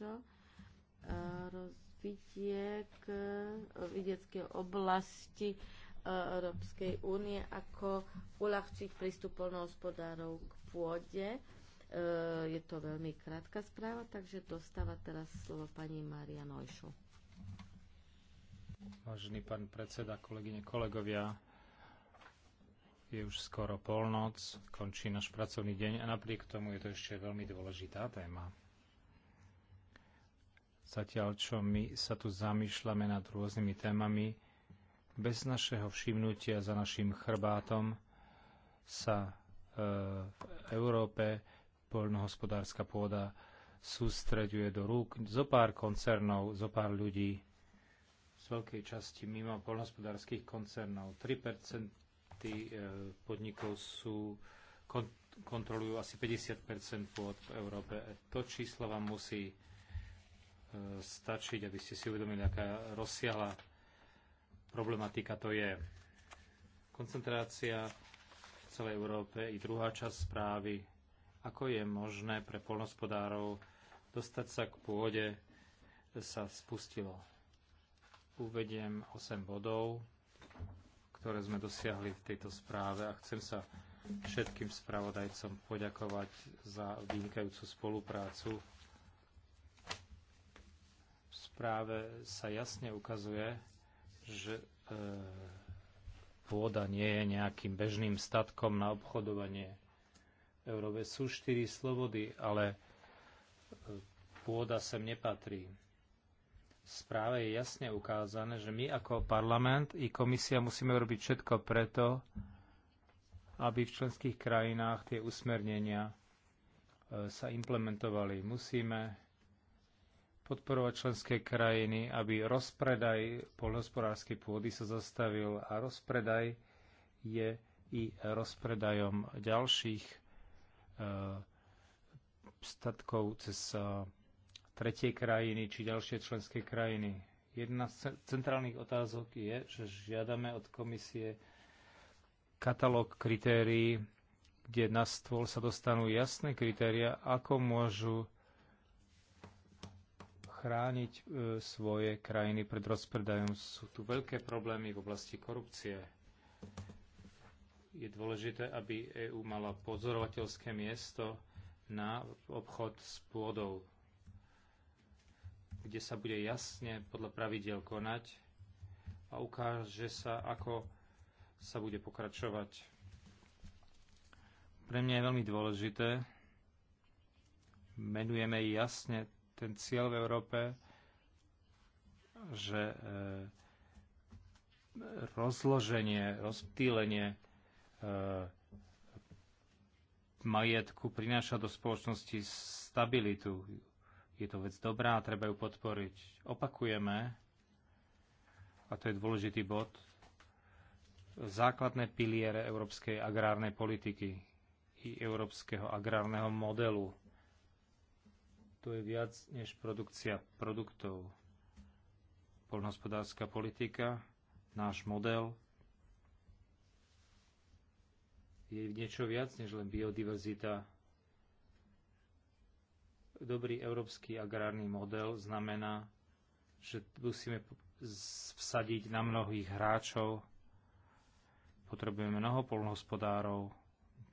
niečo. E, Rozvidiek, e, vidiecké oblasti e, Európskej únie, ako uľahčiť prístup polnohospodárov k pôde. Je to veľmi krátka správa, takže dostáva teraz slovo pani Maria Nojšu. Vážený pán predseda, kolegyne, kolegovia, je už skoro polnoc, končí náš pracovný deň a napriek tomu je to ešte veľmi dôležitá téma. Zatiaľ, čo my sa tu zamýšľame nad rôznymi témami, bez našeho všimnutia za našim chrbátom sa e, v Európe poľnohospodárska pôda sústreďuje do rúk zo pár koncernov, zo pár ľudí, z veľkej časti mimo poľnohospodárskych koncernov. 3% e, podnikov sú kontrolujú asi 50 pôd v Európe. To číslo vám musí E, stačiť, aby ste si uvedomili, aká rozsiahla problematika to je. Koncentrácia v celej Európe i druhá časť správy, ako je možné pre polnospodárov dostať sa k pôde, sa spustilo. Uvediem 8 bodov, ktoré sme dosiahli v tejto správe a chcem sa všetkým spravodajcom poďakovať za vynikajúcu spoluprácu správe sa jasne ukazuje, že e, pôda nie je nejakým bežným statkom na obchodovanie. V Európe sú štyri slobody, ale e, pôda sem nepatrí. V správe je jasne ukázané, že my ako parlament i komisia musíme robiť všetko preto, aby v členských krajinách tie usmernenia e, sa implementovali. Musíme podporovať členské krajiny, aby rozpredaj poľnohospodárskej pôdy sa zastavil a rozpredaj je i rozpredajom ďalších eh, statkov cez eh, tretie krajiny či ďalšie členské krajiny. Jedna z centrálnych otázok je, že žiadame od komisie katalóg kritérií, kde na stôl sa dostanú jasné kritéria, ako môžu chrániť e, svoje krajiny pred rozpredajom. Sú tu veľké problémy v oblasti korupcie. Je dôležité, aby EÚ mala pozorovateľské miesto na obchod s pôdou, kde sa bude jasne podľa pravidel konať a ukáže sa, ako sa bude pokračovať. Pre mňa je veľmi dôležité, menujeme jasne ten cieľ v Európe, že e, rozloženie, rozptýlenie e, majetku prináša do spoločnosti stabilitu. Je to vec dobrá, treba ju podporiť. Opakujeme, a to je dôležitý bod, základné piliere európskej agrárnej politiky i európskeho agrárneho modelu. To je viac než produkcia produktov. Poľnohospodárska politika, náš model, je niečo viac než len biodiverzita. Dobrý európsky agrárny model znamená, že musíme vsadiť na mnohých hráčov. Potrebujeme mnoho polnohospodárov,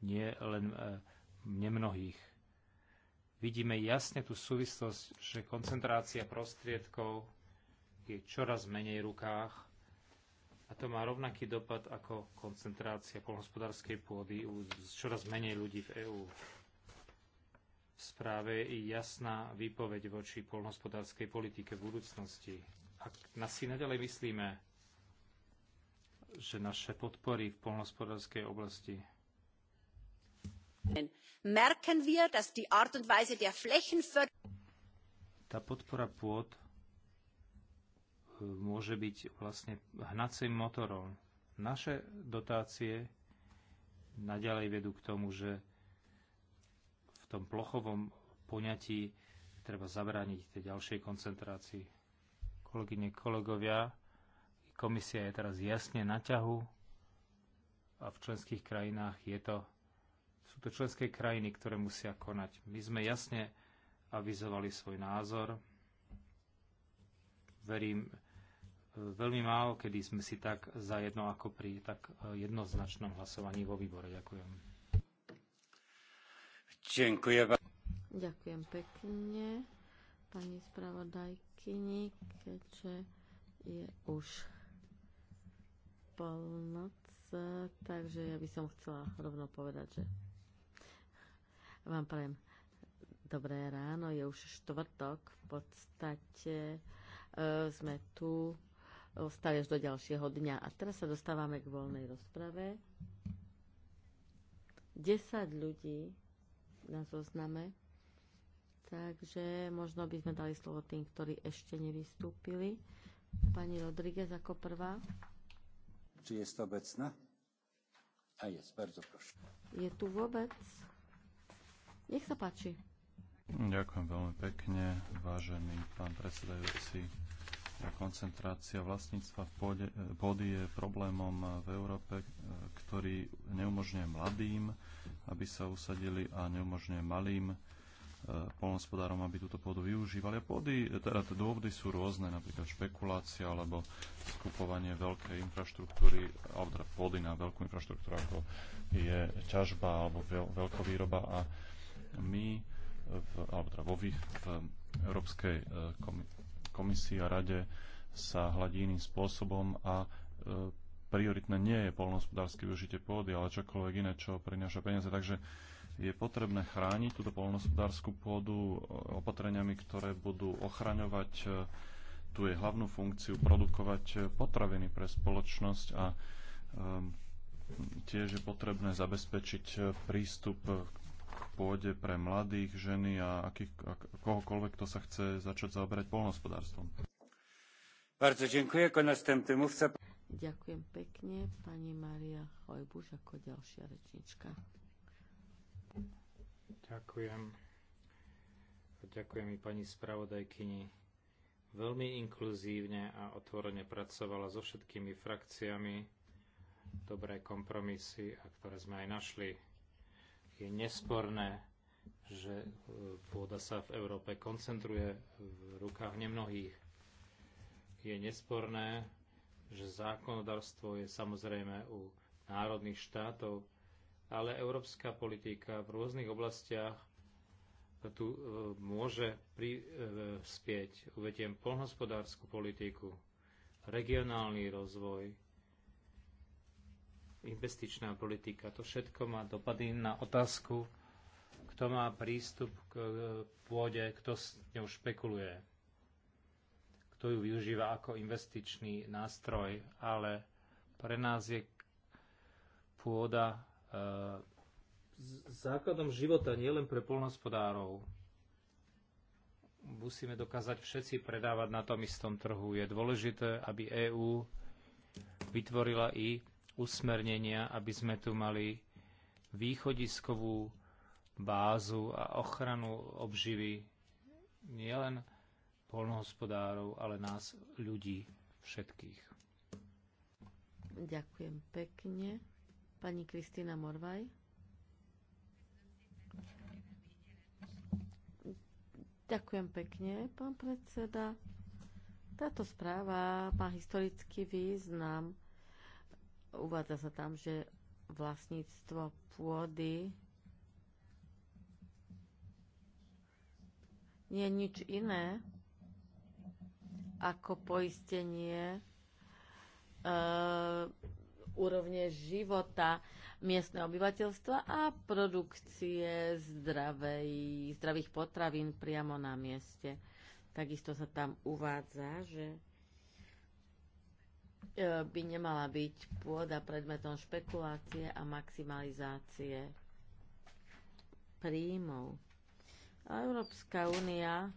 nie len e, nemnohých vidíme jasne tú súvislosť, že koncentrácia prostriedkov je čoraz menej v rukách a to má rovnaký dopad ako koncentrácia polhospodárskej pôdy u čoraz menej ľudí v EÚ. V správe je jasná výpoveď voči polnohospodárskej politike v budúcnosti. Ak na si nadalej myslíme, že naše podpory v polnohospodárskej oblasti tá podpora pôd e, môže byť vlastne hnacím motorom. Naše dotácie naďalej vedú k tomu, že v tom plochovom poňatí treba zabrániť tej ďalšej koncentrácii. Kolegyne, kolegovia, komisia je teraz jasne na ťahu a v členských krajinách je to sú to členské krajiny, ktoré musia konať. My sme jasne avizovali svoj názor. Verím, e, veľmi málo, kedy sme si tak zajedno ako pri tak e, jednoznačnom hlasovaní vo výbore. Ďakujem. Ďakujem. Ďakujem pekne pani spravodajkyni, keďže je už polnoc, takže ja by som chcela rovno povedať, že vám prajem dobré ráno, je už štvrtok, v podstate e, sme tu, ostali až do ďalšieho dňa. A teraz sa dostávame k voľnej rozprave. 10 ľudí na zozname, takže možno by sme dali slovo tým, ktorí ešte nevystúpili. Pani Rodríguez ako prvá. Či je to obecná? A jest, bardzo proszę. Je tu vôbec? Nech sa páči. Ďakujem veľmi pekne, vážený pán predsedajúci. Koncentrácia vlastníctva v pôde, je problémom v Európe, e, ktorý neumožňuje mladým, aby sa usadili a neumožňuje malým e, polnospodárom, aby túto pôdu využívali. A pôdy, e, teda dôvody sú rôzne, napríklad špekulácia alebo skupovanie veľkej infraštruktúry, alebo teda pôdy na veľkú infraštruktúru, ako je ťažba alebo veľkovýroba a my, v, alebo teda vo vy, v Európskej e, komisii a rade sa hladí iným spôsobom a e, prioritné nie je polnohospodárske využitie pôdy, ale čokoľvek iné, čo prináša peniaze. Takže je potrebné chrániť túto polnohospodárskú pôdu opatreniami, ktoré budú ochraňovať e, tú jej hlavnú funkciu, produkovať potraviny pre spoločnosť a tiež je potrebné zabezpečiť prístup k pôde pre mladých, ženy a akých, ak, kohokoľvek, kto sa chce začať zaoberať polnohospodárstvom. Bardzo dziękuję. następny mówca... Ďakujem pekne, pani Maria Hojbuš, ako ďalšia rečnička. Ďakujem. Ďakujem i pani spravodajkyni. Veľmi inkluzívne a otvorene pracovala so všetkými frakciami. Dobré kompromisy, a ktoré sme aj našli. Je nesporné, že e, pôda sa v Európe koncentruje v rukách nemnohých. Je nesporné, že zákonodárstvo je samozrejme u národných štátov, ale európska politika v rôznych oblastiach tu e, môže prispieť. E, uvediem poľnohospodársku politiku, regionálny rozvoj, investičná politika. To všetko má dopady na otázku, kto má prístup k pôde, kto s ňou špekuluje, kto ju využíva ako investičný nástroj, ale pre nás je pôda e, základom života nielen pre polnospodárov. Musíme dokázať všetci predávať na tom istom trhu. Je dôležité, aby EÚ vytvorila i usmernenia, aby sme tu mali východiskovú bázu a ochranu obživy nielen polnohospodárov, ale nás, ľudí, všetkých. Ďakujem pekne. Pani Kristýna Morvaj. Ďakujem pekne, pán predseda. Táto správa má historický význam uvádza sa tam, že vlastníctvo pôdy nie je nič iné ako poistenie e, úrovne života miestneho obyvateľstva a produkcie zdravej, zdravých potravín priamo na mieste. Takisto sa tam uvádza, že E, by nemala byť pôda predmetom špekulácie a maximalizácie príjmov. A Európska únia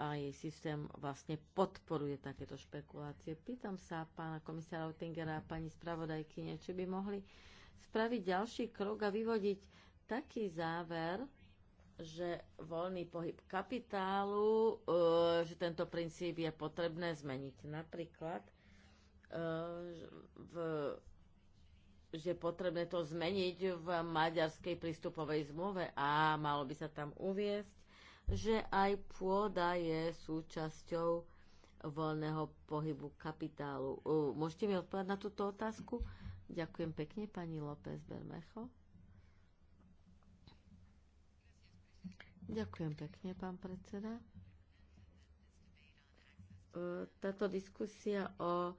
a jej systém vlastne podporuje takéto špekulácie. Pýtam sa pána komisára Oettingera a pani spravodajkyne, či by mohli spraviť ďalší krok a vyvodiť taký záver, že voľný pohyb kapitálu, e, že tento princíp je potrebné zmeniť. Napríklad, e, že je potrebné to zmeniť v maďarskej prístupovej zmluve a malo by sa tam uviesť, že aj pôda je súčasťou voľného pohybu kapitálu. E, môžete mi odpovedať na túto otázku? Ďakujem pekne, pani López Bermecho. Ďakujem pekne, pán predseda. E, táto diskusia o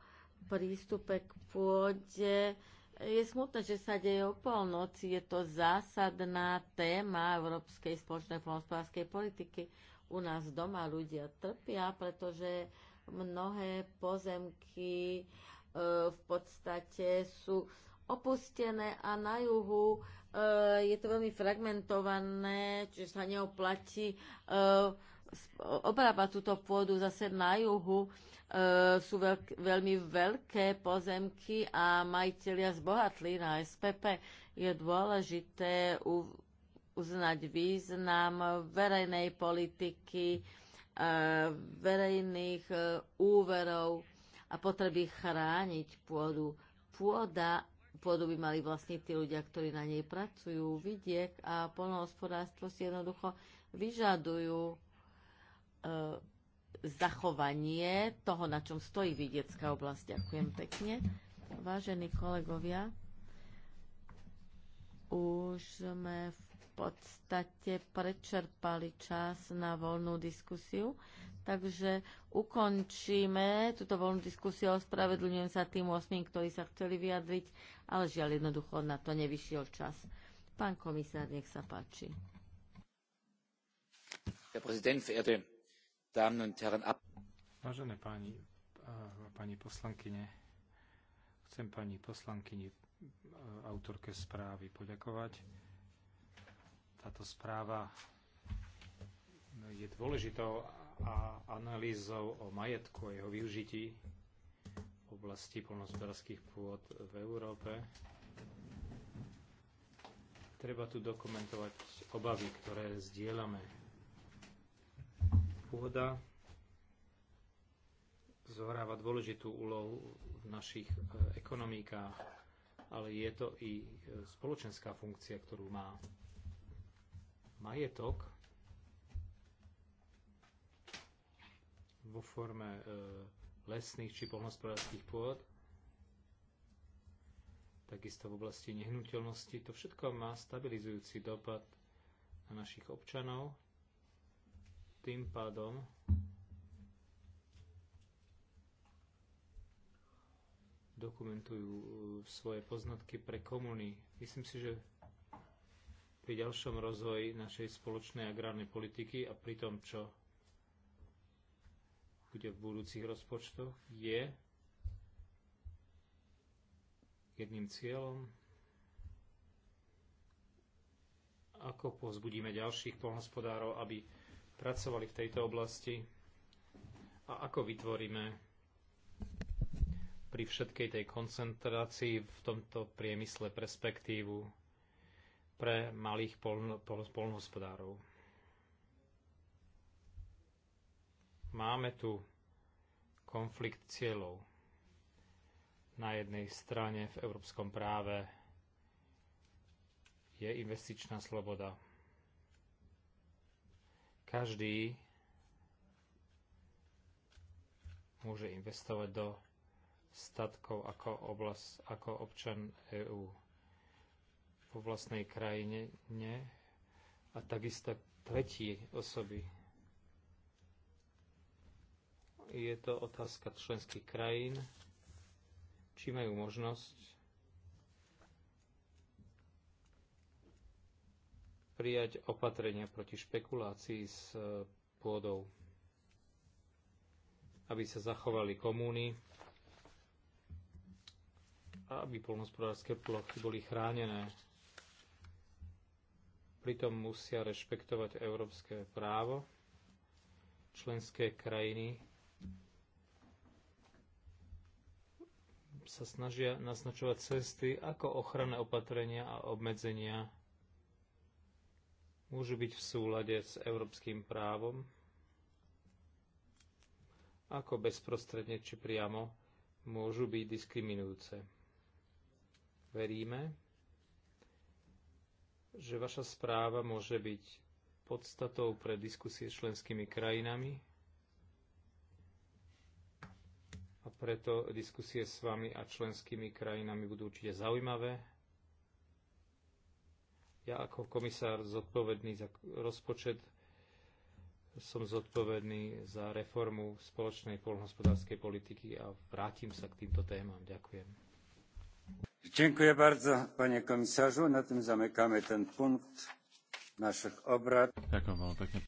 prístupe k pôde e, je smutné, že sa deje o polnoci. Je to zásadná téma európskej spoločnej polnospodárskej politiky. U nás doma ľudia trpia, pretože mnohé pozemky e, v podstate sú opustené a na juhu e, je to veľmi fragmentované, čiže sa neoplatí e, obrábať túto pôdu zase na juhu. E, sú veľk, veľmi veľké pozemky a majiteľia zbohatli na SPP. Je dôležité u, uznať význam verejnej politiky, verejných úverov a potreby chrániť pôdu. Pôda pôdu by mali vlastne tí ľudia, ktorí na nej pracujú, vidiek a polnohospodárstvo si jednoducho vyžadujú e, zachovanie toho, na čom stojí vidiecká oblasť. Ďakujem pekne. Vážení kolegovia, už sme v podstate prečerpali čas na voľnú diskusiu, takže ukončíme túto voľnú diskusiu. Ospravedlňujem sa tým osmým, ktorí sa chceli vyjadriť, ale žiaľ jednoducho na to nevyšiel čas. Pán komisár, nech sa páči. Herr Präsident, Vážené páni, pani poslankyne, chcem pani poslankyni autorke správy poďakovať táto správa je dôležitou a analýzou o majetku a jeho využití v oblasti polnospodárských pôd v Európe. Treba tu dokumentovať obavy, ktoré zdieľame. Pôda zohráva dôležitú úlohu v našich e, ekonomikách, ale je to i e, spoločenská funkcia, ktorú má majetok vo forme e, lesných či polnospodárských pôd, takisto v oblasti nehnuteľnosti. To všetko má stabilizujúci dopad na našich občanov. Tým pádom dokumentujú e, svoje poznatky pre komuny. Myslím si, že pri ďalšom rozvoji našej spoločnej agrárnej politiky a pri tom, čo bude v budúcich rozpočtoch, je jedným cieľom, ako povzbudíme ďalších polnospodárov, aby pracovali v tejto oblasti a ako vytvoríme pri všetkej tej koncentrácii v tomto priemysle perspektívu pre malých polnohospodárov. Máme tu konflikt cieľov. Na jednej strane v európskom práve je investičná sloboda. Každý môže investovať do statkov ako, oblasť, ako občan EÚ vo vlastnej krajine ne, a takisto tretí osoby. Je to otázka členských krajín, či majú možnosť prijať opatrenia proti špekulácii s e, pôdou, aby sa zachovali komúny a aby polnospodárske plochy boli chránené pritom musia rešpektovať európske právo. Členské krajiny sa snažia naznačovať cesty, ako ochranné opatrenia a obmedzenia môžu byť v súlade s európskym právom, ako bezprostredne či priamo môžu byť diskriminujúce. Veríme, že vaša správa môže byť podstatou pre diskusie s členskými krajinami a preto diskusie s vami a členskými krajinami budú určite zaujímavé. Ja ako komisár zodpovedný za rozpočet som zodpovedný za reformu spoločnej poľnohospodárskej politiky a vrátim sa k týmto témam. Ďakujem. Dziękuję bardzo, panie komisarzu. Na tym zamykamy ten punkt naszych obrad. veľmi